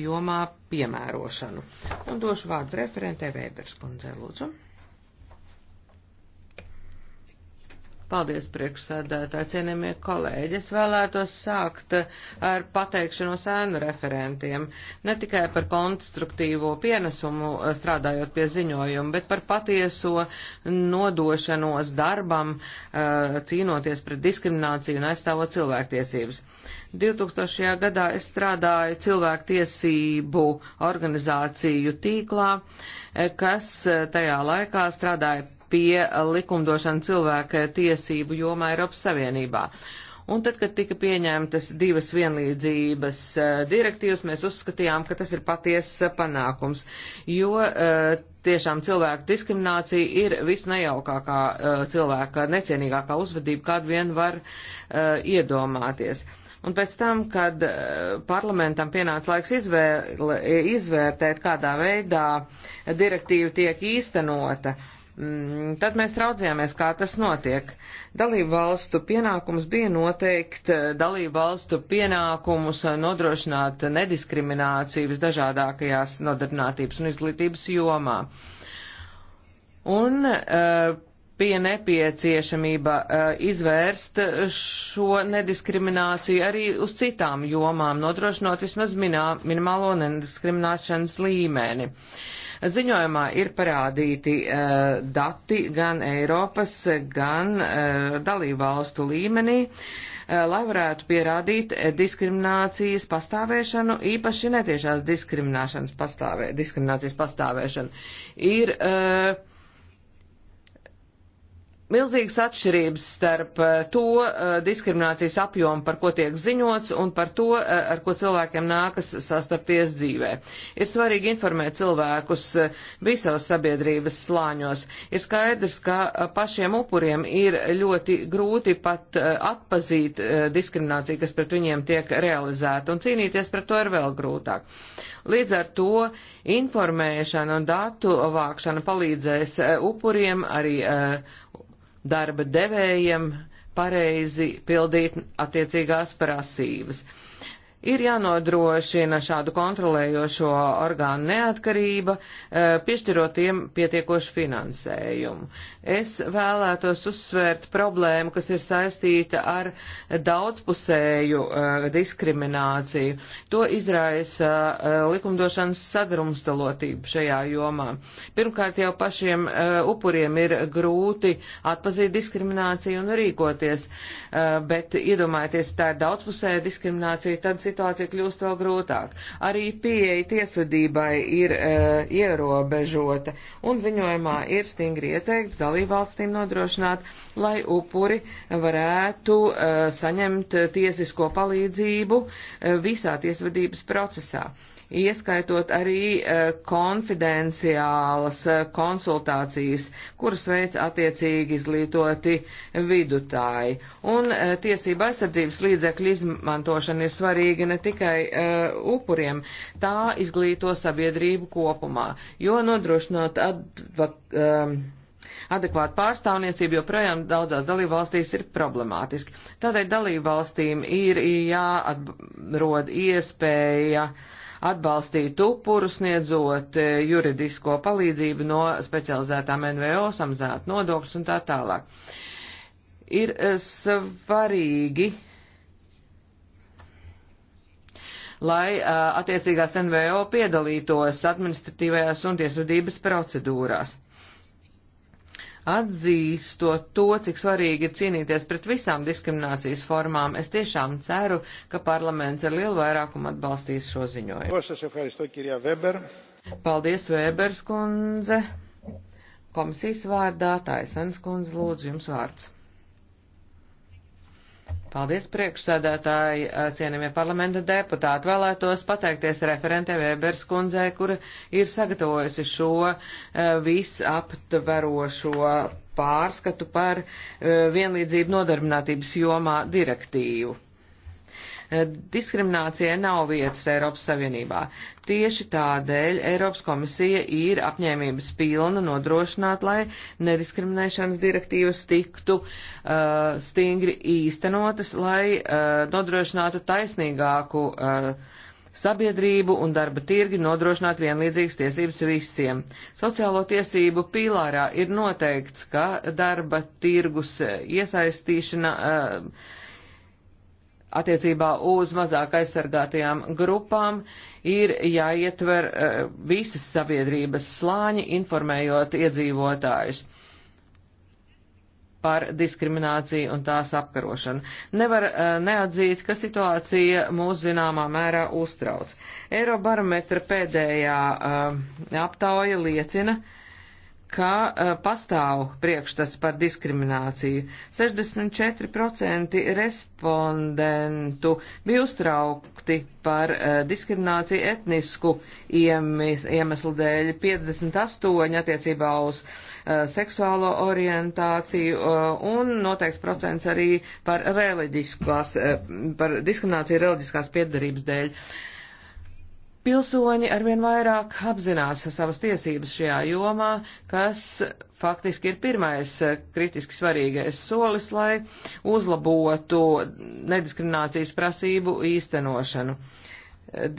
jomā piemērošanu. Un došu vārdu referentē Vēbers kundzē, lūdzu. Paldies, priekšsēdētāji, cienījamie kolēģi. Es vēlētos sākt ar pateikšanos ēnu referentiem, ne tikai par konstruktīvo pienesumu strādājot pie ziņojuma, bet par patieso nodošanos darbam, cīnoties pret diskrimināciju un aizstāvot cilvēktiesības. 2000. gadā es strādāju cilvēktiesību organizāciju tīklā, eh, kas eh, tajā laikā strādāja pie likumdošana cilvēka tiesību jomā Eiropas Savienībā. Un tad, kad tika pieņemtas divas vienlīdzības eh, direktīvas, mēs uzskatījām, ka tas ir patiesa panākums, jo tiešām cilvēku diskriminācija ir visnejaukākā cilvēka necienīgākā uzvedība, kādu vien var iedomāties. Un pēc tam, kad eh, parlamentam pienāca laiks izvēle, izvērtēt, kādā veidā direktīva tiek īstenota, mm, tad mēs raudzījāmies, kā tas notiek. Dalību valstu pienākums bija noteikt eh, dalību valstu pienākumus eh, nodrošināt nediskriminācijas dažādākajās nodarbinātības un izglītības jomā. Un, uh, bija nepieciešamība eh, izvērst šo nediskrimināciju arī uz citām jomām, nodrošinot vismaz minā, minimālo nediskrimināšanas līmeni. Ziņojumā ir parādīti uh, dati gan Eiropas, gan uh, dalībvalstu līmenī, uh, lai varētu pierādīt diskriminācijas pastāvēšanu, īpaši netiešās diskriminācijas pastāvē, diskriminācijas pastāvēšanu. Ir, uh, milzīgas atšķirības starp eh, to eh, diskriminācijas apjomu, par ko tiek ziņots, un par to, eh, ar ko cilvēkiem nākas sastapties dzīvē. Ir svarīgi informēt cilvēkus visos sabiedrības slāņos. Ir skaidrs, ka pašiem upuriem ir ļoti grūti pat atpazīt diskrimināciju, kas pret viņiem tiek realizēta, un cīnīties pret to ir vēl grūtāk. Līdz ar to informēšana un datu vākšana palīdzēs upuriem arī darba devējiem pareizi pildīt attiecīgās prasības ir jānodrošina šādu kontrolējošo orgānu neatkarība, eh, piešķirot tiem pietiekošu finansējumu. Es vēlētos uzsvērt problēmu, kas ir saistīta ar daudzpusēju eh, diskrimināciju. To izraisa eh, likumdošanas sadrumstalotība šajā jomā. Pirmkārt, jau pašiem upuriem ir grūti atpazīt diskrimināciju un rīkoties, bet iedomājieties, tā ir daudzpusēja diskriminācija, tad situācija kļūst vēl grūtāk. Arī pieeja tiesvedībai ir e, ierobežota, un ziņojumā ir stingri ieteikts dalībvalstīm nodrošināt, lai upuri varētu e, saņemt tiesisko palīdzību e, visā tiesvedības procesā ieskaitot arī e, konfidenciālas e, konsultācijas, kuras veids attiecīgi izglītoti vidutāji. Un e, tiesība aizsardzības līdzekļu izmantošana ir svarīga ne tikai upuriem, tā izglīto sabiedrību kopumā, jo nodrošinot advak, adekvātu pārstāvniecību joprojām daudzās dalībvalstīs ir problemātiski. Tādēļ dalībvalstīm ir jāatrod iespēja uh, atbalstīt upuru, sniedzot eh, juridisko palīdzību no specializētām NVO, samazināt nodokļus un tā tālāk. Ir eh, svarīgi, lai eh, attiecīgās NVO piedalītos administratīvajās un tiesvedības procedūrās. Atzīstot to, cik svarīgi ir cīnīties pret visām diskriminācijas formām, es tiešām ceru, ka parlaments ar lielu vairākumu atbalstīs šo ziņojumu. Paldies, Vēbers kundze! Komisijas vārdā Taisens kundze lūdzu jums vārds. Paldies priekšsēdētāji, eh, cienījamie parlamenta deputāti. Vēlētos pateikties referentē Vēbers kundzei, kura ir sagatavojusi šo eh, visaptverošo pārskatu par eh, vienlīdzību nodarbinātības jomā direktīvu. Diskriminācijai nav vietas Eiropas Savienībā. Tieši tādēļ Eiropas komisija ir apņēmības pilna nodrošināt, lai nediskriminēšanas direktīvas tiktu uh, stingri īstenotas, lai uh, nodrošinātu taisnīgāku uh, sabiedrību un darba tirgi nodrošināt vienlīdzīgas tiesības visiem. Sociālo tiesību pīlārā ir noteikts, ka darba tirgus uh, iesaistīšana uh, attiecībā uz mazāk aizsargātajām grupām ir jāietver eh, visas sabiedrības slāņi, informējot iedzīvotājus par diskrimināciju un tās apkarošanu. Nevar uh, neatzīt, ka situācija mūs zināmā mērā uztrauc. Eirobarometra pēdējā uh, aptauja liecina, uh, ka uh, pastāv priekšstats par diskrimināciju. 64% respondentu bija uztraukti par uh, diskrimināciju etnisku iemes, iemeslu dēļ, 58% attiecībā uz uh, seksuālo orientāciju un noteikts procents arī par reliģiskās, par diskrimināciju reliģiskās piedarības dēļ. Pilsoņi arvien vairāk apzinās savas tiesības šajā jomā, kas faktiski ir pirmais eh, kritiski svarīgais solis, lai uzlabotu nediskriminācijas prasību īstenošanu.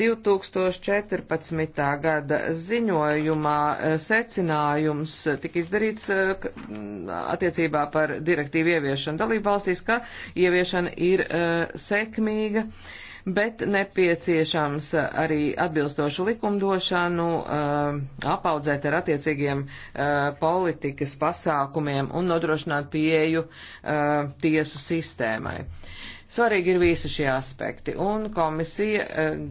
2014. Eh, gada ziņojumā eh, secinājums tika izdarīts mm, attiecībā par direktīvu ieviešanu dalību valstīs, ka ieviešana ir sekmīga. Uh, bet nepieciešams arī atbilstošu likumdošanu uh, apaudzēt ar attiecīgiem uh, politikas pasākumiem un nodrošināt pieeju uh, tiesu sistēmai. Svarīgi ir visi šie aspekti, un komisija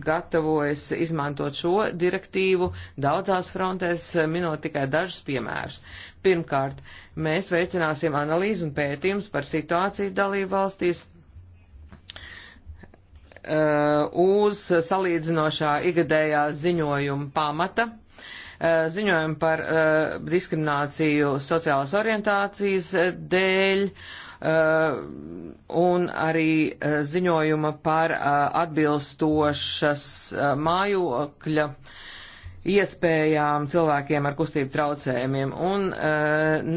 gatavojas izmantot šo direktīvu daudzās frontēs, minot tikai dažus piemērus. Pirmkārt, mēs veicināsim analīzi un pētījums par situāciju dalību valstīs Uh, uz salīdzinošā igadējā ziņojuma pamata uh, ziņojumu par uh, diskrimināciju sociālās orientācijas uh, dēļ uh, un arī uh, ziņojuma par atbilstošas mājokļa iespējām cilvēkiem ar kustību traucējumiem un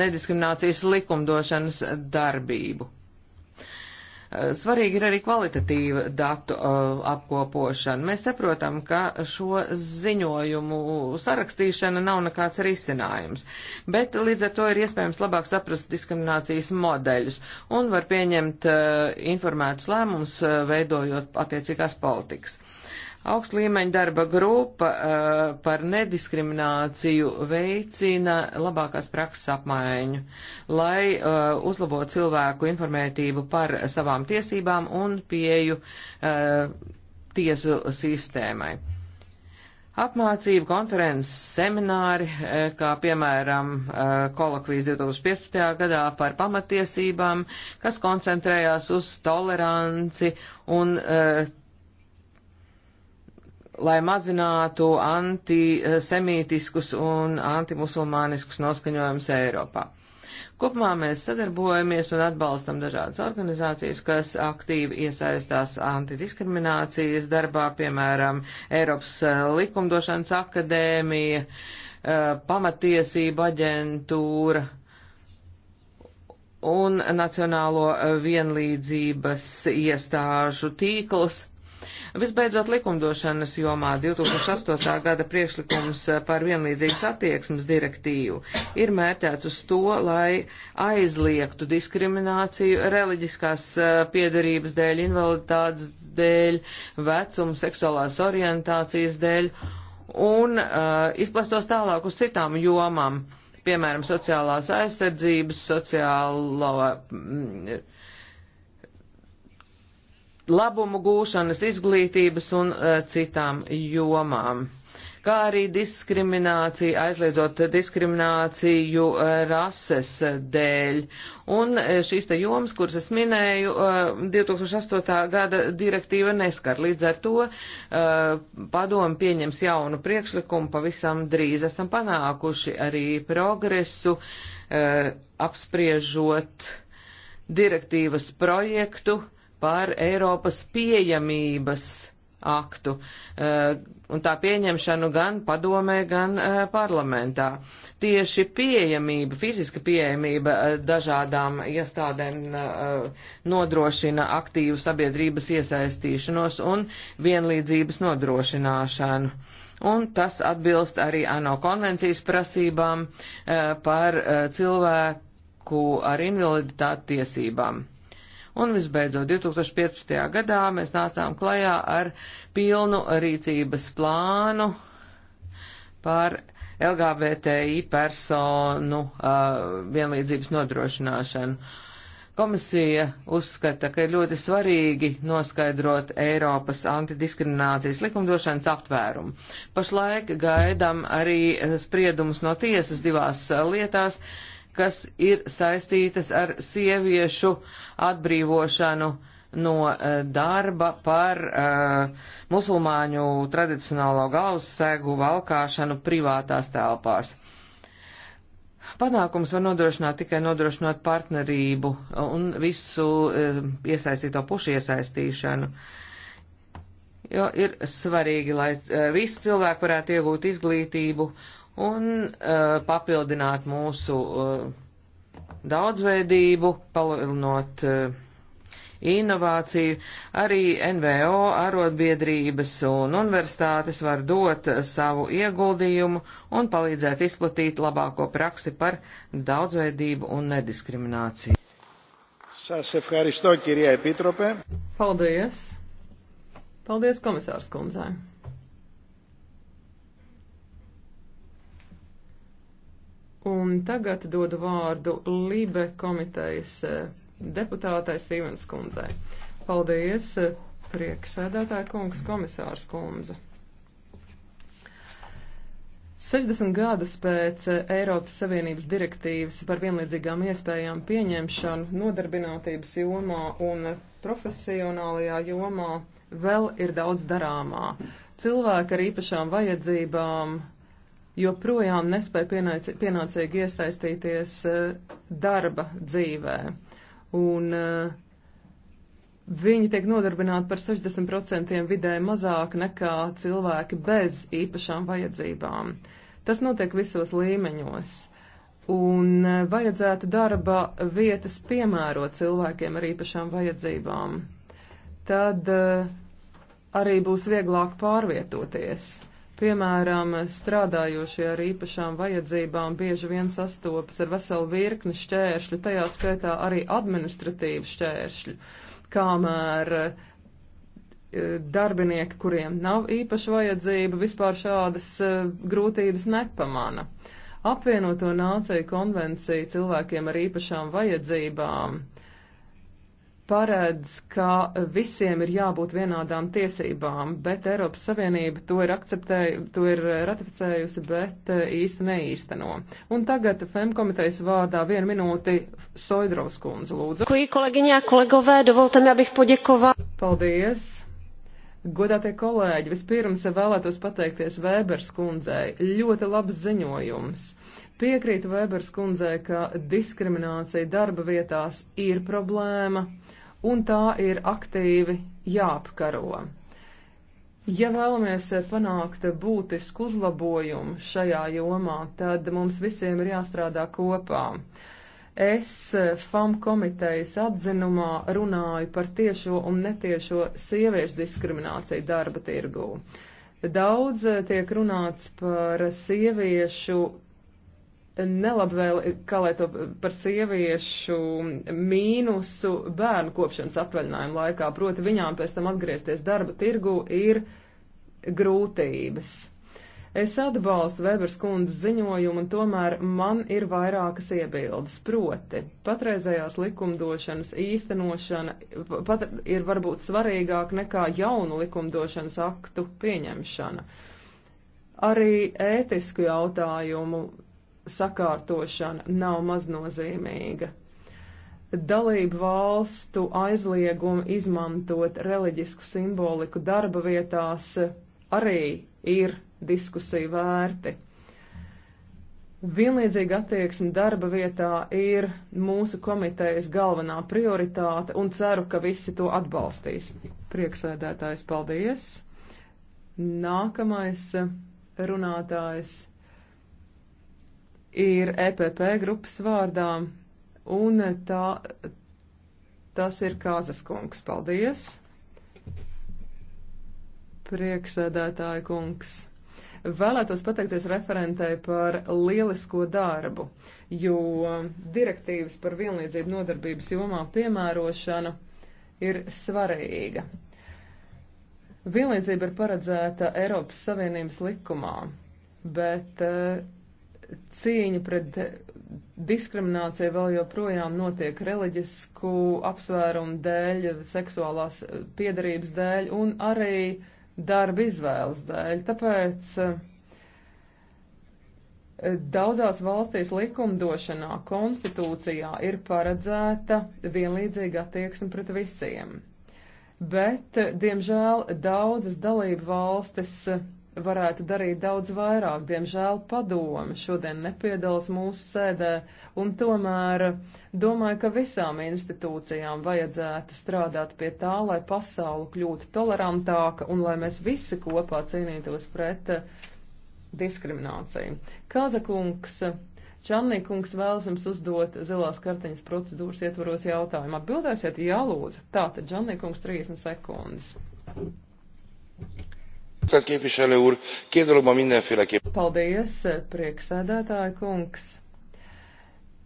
nediskriminācijas likumdošanas darbību. Eh, svarīgi ir arī kvalitatīva datu uh, apkopošana. Mēs saprotam, ka šo ziņojumu sarakstīšana nav nekāds risinājums, bet līdz ar to ir iespējams labāk saprast diskriminācijas modeļus un var pieņemt uh, informētus lēmumus, uh, veidojot attiecīgās politikas. Uh, Augst līmeņa darba grupa uh, par nediskrimināciju veicina labākās prakses apmaiņu, lai uh, uzlabotu cilvēku informētību par savām tiesībām un pieju uh, tiesu sistēmai. Apmācību, konferences, semināri, kā piemēram kolokvijas 2015. gadā par pamatiesībām, kas koncentrējās uz toleranci un lai mazinātu antisemītiskus un antimusulmāniskus noskaņojumus Eiropā. Kopumā mēs sadarbojamies un atbalstam dažādas organizācijas, kas aktīvi iesaistās antidiskriminācijas darbā, piemēram, Eiropas eh, likumdošanas akadēmija, eh, pamatiesība aģentūra un Nacionālo eh, vienlīdzības iestāžu tīkls Visbeidzot, likumdošanas jomā 2008. gada priekšlikums eh, par vienlīdzīgas attieksmes direktīvu ir mērķēts uz to, lai aizliegtu diskrimināciju reliģiskās eh, piedarības dēļ, invaliditātes dēļ, vecuma, seksuālās orientācijas dēļ un uh, izplastos tālāk uz citām jomām, piemēram, sociālās aizsardzības, sociālo. Mm, labumu gūšanas, izglītības un uh, citām jomām kā arī diskriminācija, aizliedzot diskrimināciju uh, rases dēļ. Un e, šīs te jomas, kuras es minēju, uh, 2008. gada direktīva neskar. Līdz ar to uh, padomu pieņems jaunu priekšlikumu pavisam drīz. Esam panākuši arī progresu, apspriežot direktīvas projektu, par Eiropas pieejamības aktu eh, un tā pieņemšanu gan padomē, gan eh, parlamentā. Tieši pieejamība, fiziska pieejamība eh, dažādām iestādēm nodrošina aktīvu sabiedrības iesaistīšanos un vienlīdzības nodrošināšanu un tas atbilst arī ANO konvencijas prasībām par cilvēku ar invaliditāti tiesībām. Un visbeidzot, 2015. gadā mēs nācām klajā ar pilnu rīcības plānu par LGBTI personu uh, vienlīdzības nodrošināšanu. Komisija uzskata, ka ir ļoti svarīgi noskaidrot Eiropas antidiskriminācijas likumdošanas aptvērumu. Pašlaik gaidām arī spriedumus no tiesas divās lietās. Uh, kas ir saistītas ar sieviešu atbrīvošanu no eh, darba par uh, musulmāņu tradicionālo galvassegu valkāšanu privātās telpās. Panākums var nodrošināt tikai nodrošinot partnerību un visu uh, iesaistīto pušu iesaistīšanu. Jo ir svarīgi, lai uh, visi cilvēki varētu iegūt izglītību un uh, papildināt mūsu uh, daudzveidību, palielinot uh, inovāciju. Arī NVO, arotbiedrības un universitātes var dot savu ieguldījumu un palīdzēt izplatīt labāko praksi par daudzveidību un nediskrimināciju. Σας ευχαριστώ κυρία Επίτροπε. Paldies. Paldies komisārs kundzei. Un tagad dodu vārdu Libe komitejas eh, deputātais Stīvens kundzei. Paldies, eh, prieksēdētāja kungs, komisārs kundze. 60 gadus pēc eh, Eiropas Savienības direktīvas par vienlīdzīgām iespējām pieņemšanu nodarbinātības jomā un profesionālajā jomā vēl ir daudz darāmā. Cilvēki ar īpašām vajadzībām joprojām nespēja pienācīgi iesaistīties eh, darba dzīvē. Un eh, viņi tiek nodarbināti par 60% vidēji mazāk nekā cilvēki bez īpašām vajadzībām. Tas notiek visos līmeņos. Un eh, vajadzētu darba vietas piemērot cilvēkiem ar īpašām vajadzībām. Tad arī būs vieglāk pārvietoties. Uh, Piemēram, strādājošie ar īpašām vajadzībām bieži vien sastopas ar veselu virkni šķēršļu, tajā skaitā arī administratīvu šķēršļu, kamēr eh, darbinieki, kuriem nav īpaša vajadzība, vispār šādas eh, grūtības nepamana. Apvienoto nāciju konvenciju cilvēkiem ar īpašām vajadzībām paredz, ka visiem ir jābūt vienādām tiesībām, bet Eiropas Savienība to ir, to ir ratificējusi, bet eh, īsti neīsteno. Un tagad FEM komitejas vārdā vienu minūti Soidrovs kundze lūdzu. Kui kolēģiņā, kolegovē, dovoltam, jābih poģekovā. Paldies! Godātie kolēģi, vispirms vēlētos pateikties Vēbers kundzei. Ļoti labs ziņojums. Piekrītu Vēbers kundzei, ka diskriminācija darba vietās ir problēma un tā ir aktīvi jāapkaro. Ja vēlamies panākt būtisku uzlabojumu šajā jomā, tad mums visiem ir jāstrādā kopā. Es FAM komitejas atzinumā runāju par tiešo un netiešo sieviešu diskrimināciju darba tirgū. Daudz tiek runāts par sieviešu nelabvēl, kā lai to par sieviešu mīnusu bērnu kopšanas atvaļinājumu laikā, proti viņām pēc tam atgriezties darba tirgu ir grūtības. Es atbalstu Weberas kundzes ziņojumu, un tomēr man ir vairākas iebildes. Proti, patreizējās likumdošanas īstenošana pat ir varbūt svarīgāk nekā jaunu likumdošanas aktu pieņemšana. Arī ētisku jautājumu sakārtošana nav maznozīmīga. Dalību valstu aizliegumu izmantot reliģisku simboliku darba vietās arī ir diskusiju vērti. Vienlīdzīga attieksme darba vietā ir mūsu komitejas galvenā prioritāte un ceru, ka visi to atbalstīs. Prieksēdētājs, paldies! Nākamais runātājs ir EPP grupas vārdā, un tā, tas ir Kāzas kungs. Paldies! Prieksēdētāja kungs! Vēlētos pateikties referentei par lielisko darbu, jo direktīvas par vienlīdzību nodarbības jomā piemērošana ir svarīga. Vienlīdzība ir paredzēta Eiropas Savienības likumā, bet eh, cīņa pret diskriminācija vēl joprojām notiek reliģisku apsvērumu dēļ, seksuālās eh, piedarības dēļ un arī darba izvēles dēļ. Tāpēc eh, daudzās valstīs likumdošanā, konstitūcijā ir paredzēta vienlīdzīga attieksme pret visiem. Bet, diemžēl, daudzas dalību valstis varētu darīt daudz vairāk. Diemžēl padome šodien nepiedalās mūsu sēdē, un tomēr domāju, ka visām institūcijām vajadzētu strādāt pie tā, lai pasauli kļūtu tolerantāka un lai mēs visi kopā cīnītos pret eh, diskrimināciju. Kazakungs, Čannīkungs vēlas jums uzdot zilās kartiņas procedūras ietvaros jautājumu. Atbildēsiet, jā, lūdzu. Tātad, Čannīkungs, 30 sekundes. Thank you. Tisztelt képviselő úr, két dologban mindenféleképpen. Paldies, prieksēdētāja kungs.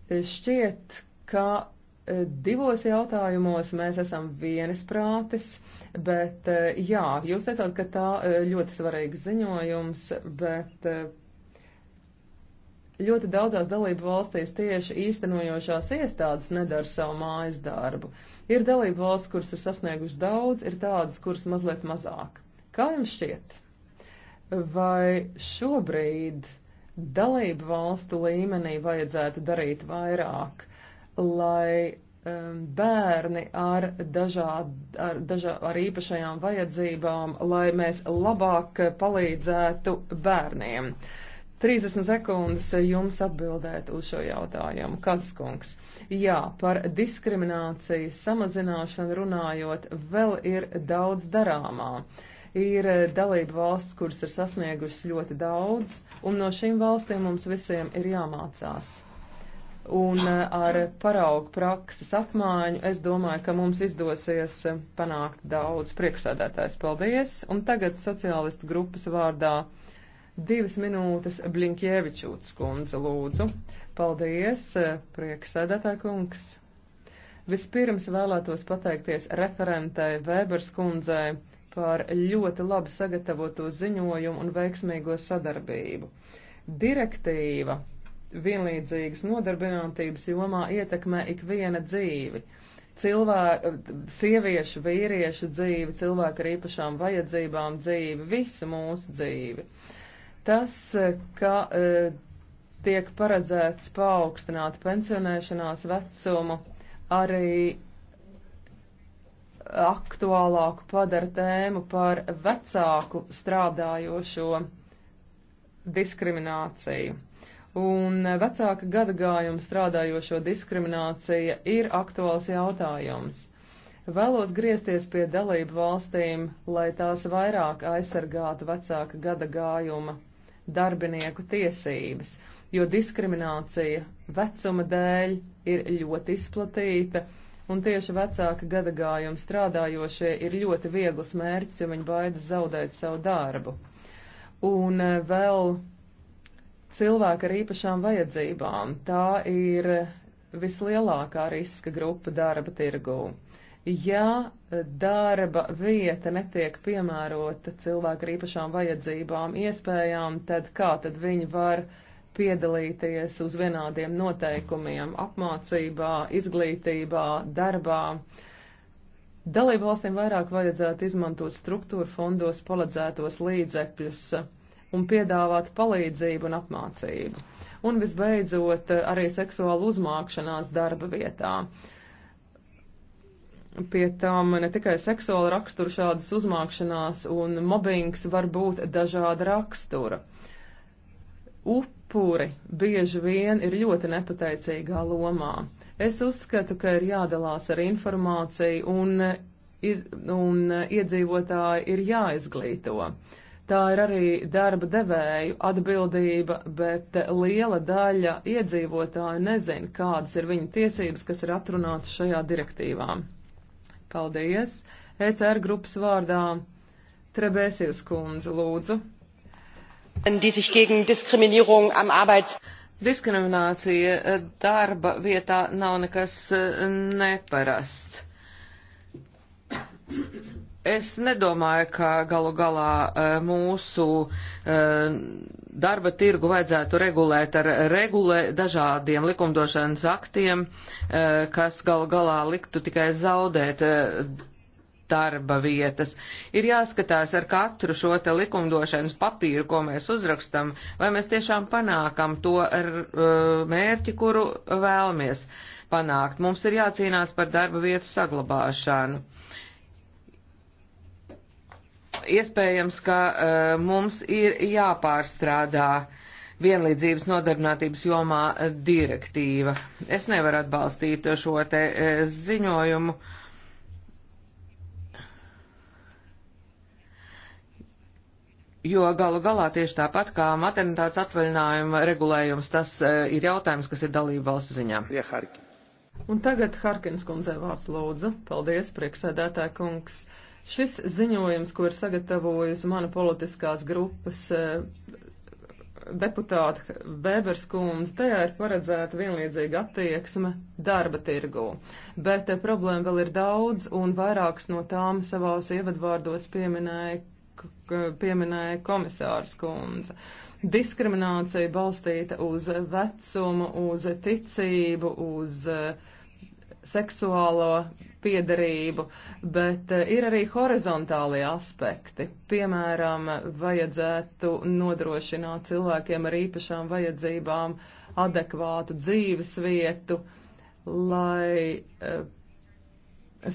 Šķiet, ka e, divos jautājumos mēs esam vienas prātes, bet e, jā, jūs teicāt, ka tā e, ļoti svarīgs ziņojums, bet ļoti daudzās dalību valstīs tieši īstenojošās iestādes nedara savu mājas darbu. Ir dalību valsts, kuras ir sasniegušas daudz, ir tādas, kuras mazliet mazāk. Kā jums šķiet, vai šobrīd dalību valstu līmenī vajadzētu darīt vairāk, lai um, bērni ar, dažād, ar, dažā, ar īpašajām vajadzībām, lai mēs labāk palīdzētu bērniem? 30 sekundes jums atbildēt uz šo jautājumu. Kazaskungs. Jā, par diskrimināciju samazināšanu runājot, vēl ir daudz darāmā. Uh, ir eh, dalība valsts, kuras ir sasniegušas ļoti daudz, un no šīm valstīm mums visiem ir jāmācās. Un eh, ar paraugu prakses apmaiņu es domāju, ka mums izdosies eh, panākt daudz priekšsēdētājs. Paldies! Un tagad sociālistu grupas vārdā divas minūtes Blinkievičūtas kundze lūdzu. Paldies, priekšsēdētāj kungs! Vispirms vēlētos pateikties referentei Vēbers kundzei par ļoti labi sagatavoto ziņojumu un veiksmīgo sadarbību. Direktīva vienlīdzīgas nodarbinātības jomā ietekmē ikviena dzīvi. Cilvēku, sieviešu, vīriešu dzīvi, cilvēku ar īpašām vajadzībām dzīvi, visu mūsu dzīvi. Tas, ka e, tiek paredzēts paaugstināt pensionēšanās vecumu, arī aktuālāku padara tēmu par vecāku strādājošo diskrimināciju. Un vecāka gadagājuma strādājošo diskriminācija ir aktuāls jautājums. Vēlos griezties pie dalību valstīm, lai tās vairāk aizsargātu vecāka gadagājuma darbinieku tiesības, jo diskriminācija vecuma dēļ ir ļoti izplatīta, un tieši vecāka gadagājuma strādājošie ir ļoti viegls mērķis, jo viņi baidas zaudēt savu darbu. Un e, vēl cilvēki ar īpašām vajadzībām. Tā ir vislielākā riska grupa darba tirgū ja darba vieta netiek piemērota cilvēku ar īpašām vajadzībām, iespējām, tad kā tad viņi var piedalīties uz vienādiem noteikumiem apmācībā, izglītībā, darbā. Dalību valstīm vairāk vajadzētu izmantot struktūra fondos paledzētos līdzekļus un piedāvāt palīdzību un apmācību. Un visbeidzot, arī seksuāla uzmākšanās darba vietā. Pie tām ne tikai seksuāla rakstura šādas uzmākšanās un mobbings var būt dažāda rakstura. Up upuri bieži vien ir ļoti nepateicīgā lomā. Es uzskatu, ka ir jādalās ar informāciju un, iz, un iedzīvotāji ir jāizglīto. Tā ir arī darba devēju atbildība, bet liela daļa iedzīvotāju nezina, kādas ir viņa tiesības, kas ir atrunātas šajā direktīvā. Paldies! ECR grupas vārdā Trebēsijas kundze lūdzu die sich gegen Diskriminierung am Arbeits Diskriminācija darba vietā nav nekas eh, neparasts. Es nedomāju, ka galu galā eh, mūsu eh, darba tirgu vajadzētu regulēt ar regulē dažādiem likumdošanas aktiem, kas galu galā liktu tikai zaudēt darba vietas. Ir jāskatās ar katru šo te likumdošanas papīru, ko mēs uzrakstam, vai mēs tiešām panākam to ar, uh, mērķi, kuru vēlamies panākt. Mums ir jācīnās par darba vietu saglabāšanu. Iespējams, ka uh, mums ir jāpārstrādā vienlīdzības nodarbinātības jomā direktīva. Es nevaru atbalstīt šo te uh, ziņojumu. Uh, Jo galu galā tieši tāpat kā maternitātes atvaļinājuma regulējums, tas uh, ir jautājums, kas ir dalība valsts ziņā. Ja, Harki. Un tagad Harkins kundzei vārds lūdzu. Paldies, prieksēdētā kungs. Šis ziņojums, ko ir sagatavojusi mana politiskās grupas uh, deputāta Bēbers kundze, tajā ir paredzēta vienlīdzīga attieksme darba tirgū. Bet uh, problēma vēl ir daudz, un vairākas no tām savās ievadvārdos pieminēja pieminēja komisārs kundze. Diskriminācija balstīta uz vecumu, uz ticību, uz eh, seksuālo piedarību, bet eh, ir arī horizontālie aspekti. Piemēram, vajadzētu nodrošināt cilvēkiem ar īpašām vajadzībām adekvātu dzīves vietu, lai eh,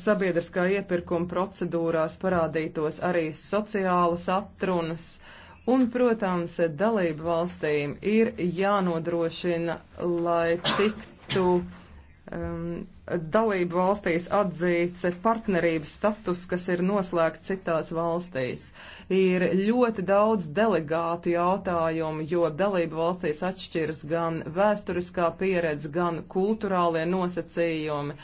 sabiedriskā iepirkuma procedūrās parādītos arī sociālas atrunas. Un, protams, dalību valstīm ir jānodrošina, lai tiktu um, dalību valstīs atzīts partnerības status, kas ir noslēgts citās valstīs. Ir ļoti daudz delegātu jautājumu, jo dalību valstīs atšķiras gan vēsturiskā pieredze, gan kulturālie nosacījumi.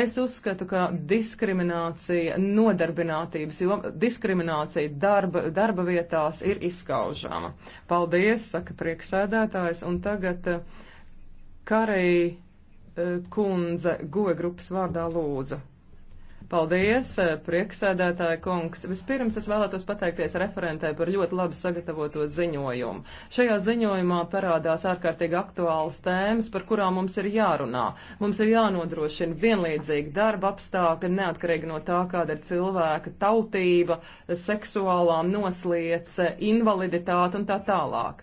Es uzskatu, ka diskriminācija nodarbinātības, jo diskriminācija darba, darba vietās ir izskaužama. Paldies, saka prieksēdētājs, un tagad uh, Karī Eh, kundze goja grupas vārdā lūdzu. Paldies, eh, prieksēdētāja kungs. Vispirms es vēlētos pateikties referentē par ļoti labi sagatavoto ziņojumu. Šajā ziņojumā parādās ārkārtīgi aktuālas tēmas, par kurām mums ir jārunā. Mums ir jānodrošina vienlīdzīgi darba apstākļi, neatkarīgi no tā, kāda ir cilvēka tautība, seksuālā nosliece, invaliditāte un tā tālāk.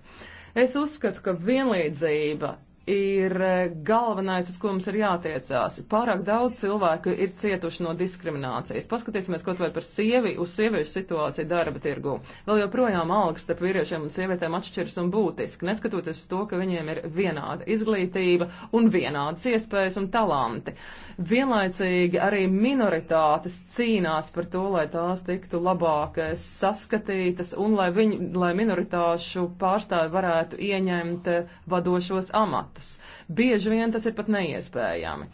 Es uzskatu, ka vienlīdzība ir e, galvenais, uz ko mums ir jātiecās. Pārāk daudz cilvēku ir cietuši no diskriminācijas. Paskatīsimies kaut vai par sievi, uz sieviešu situāciju darba tirgu. Vēl joprojām algas starp vīriešiem un sievietēm atšķiras un būtiski, neskatoties uz to, ka viņiem ir vienāda izglītība un vienādas iespējas un talanti. Vienlaicīgi arī minoritātes cīnās par to, lai tās tiktu labāk e, saskatītas un lai, viņu, lai minoritāšu pārstāvi varētu ieņemt e, vadošos amatus datus. Bieži vien tas ir pat neiespējami.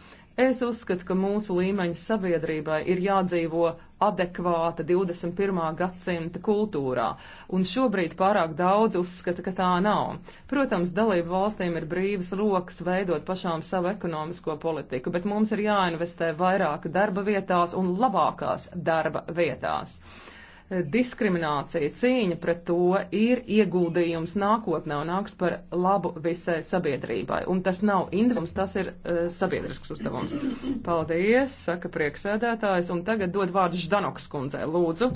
Es uzskatu, ka mūsu līmeņa sabiedrībai ir jādzīvo adekvāta 21. gadsimta kultūrā, un šobrīd pārāk daudz uzskata, ka tā nav. Protams, dalību valstīm ir brīvas rokas veidot pašām savu ekonomisko politiku, bet mums ir jāinvestē vairāk darba vietās un labākās darba vietās. Uh, diskriminācija, cīņa pret to ir ieguldījums nākotnē un nāks par labu visai sabiedrībai. Un tas nav individuums, tas ir uh, sabiedrisks uzdevums. Paldies, saka prieksēdētājs, un tagad dod vārdu Ždanoks kundzei, lūdzu.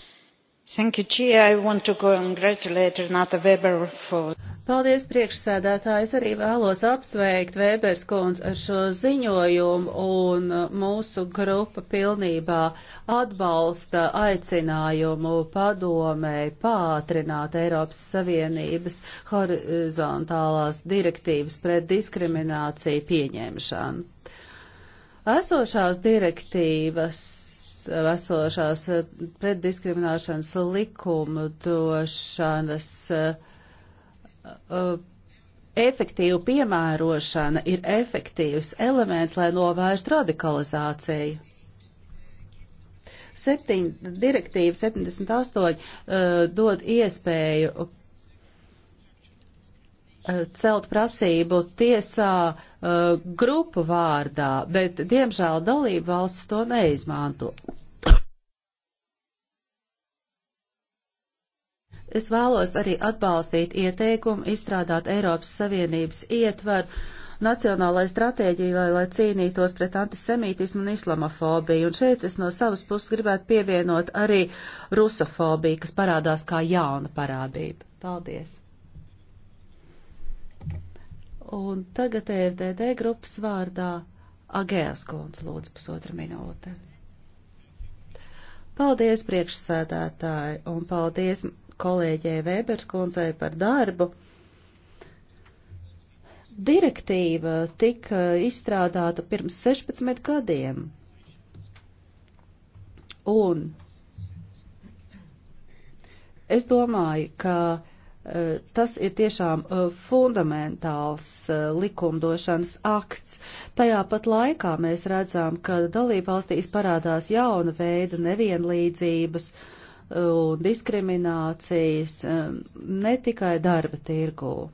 Thank you, Chia. I want to congratulate Renata Weber for Paldies, priekšsēdētāji. Es arī vēlos apsveikt Vēberskons ar šo ziņojumu un mūsu grupa pilnībā atbalsta aicinājumu padomēji pātrināt Eiropas Savienības horizontālās direktīvas pret diskrimināciju pieņemšanu. Esošās direktīvas esošās pretdiskrimināšanas likumu došanas uh, uh, efektīva piemērošana ir efektīvs elements, lai novērstu radikalizāciju. Septiņ, direktīva 78 uh, dod iespēju uh, celt prasību tiesā uh, grupu vārdā, bet diemžēl dalību valsts to neizmanto. Es vēlos arī atbalstīt ieteikumu izstrādāt Eiropas Savienības ietvaru nacionālai stratēģijai, lai cīnītos pret antisemītismu un islamofobiju. Un šeit es no savas puses gribētu pievienot arī rusofobiju, kas parādās kā jauna parādība. Paldies! Un tagad EFDD grupas vārdā Agēls Kons lūdzu pusotra minūte. Paldies priekšsēdētāji un paldies kolēģei Vēberskundzei par darbu. Direktīva tika izstrādāta pirms 16 gadiem. Un es domāju, ka eh, tas ir tiešām eh, fundamentāls eh, likumdošanas akts. Tajā pat laikā mēs redzam, ka dalībvalstīs parādās jauna veida nevienlīdzības, uh, un diskriminācijas um, ne tikai darba tirgū.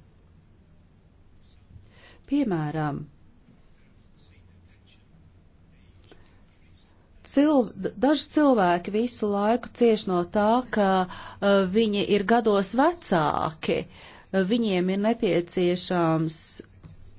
Piemēram, Cilv, daži cilvēki visu laiku cieš no tā, ka uh, viņi ir gados vecāki, viņiem ir nepieciešams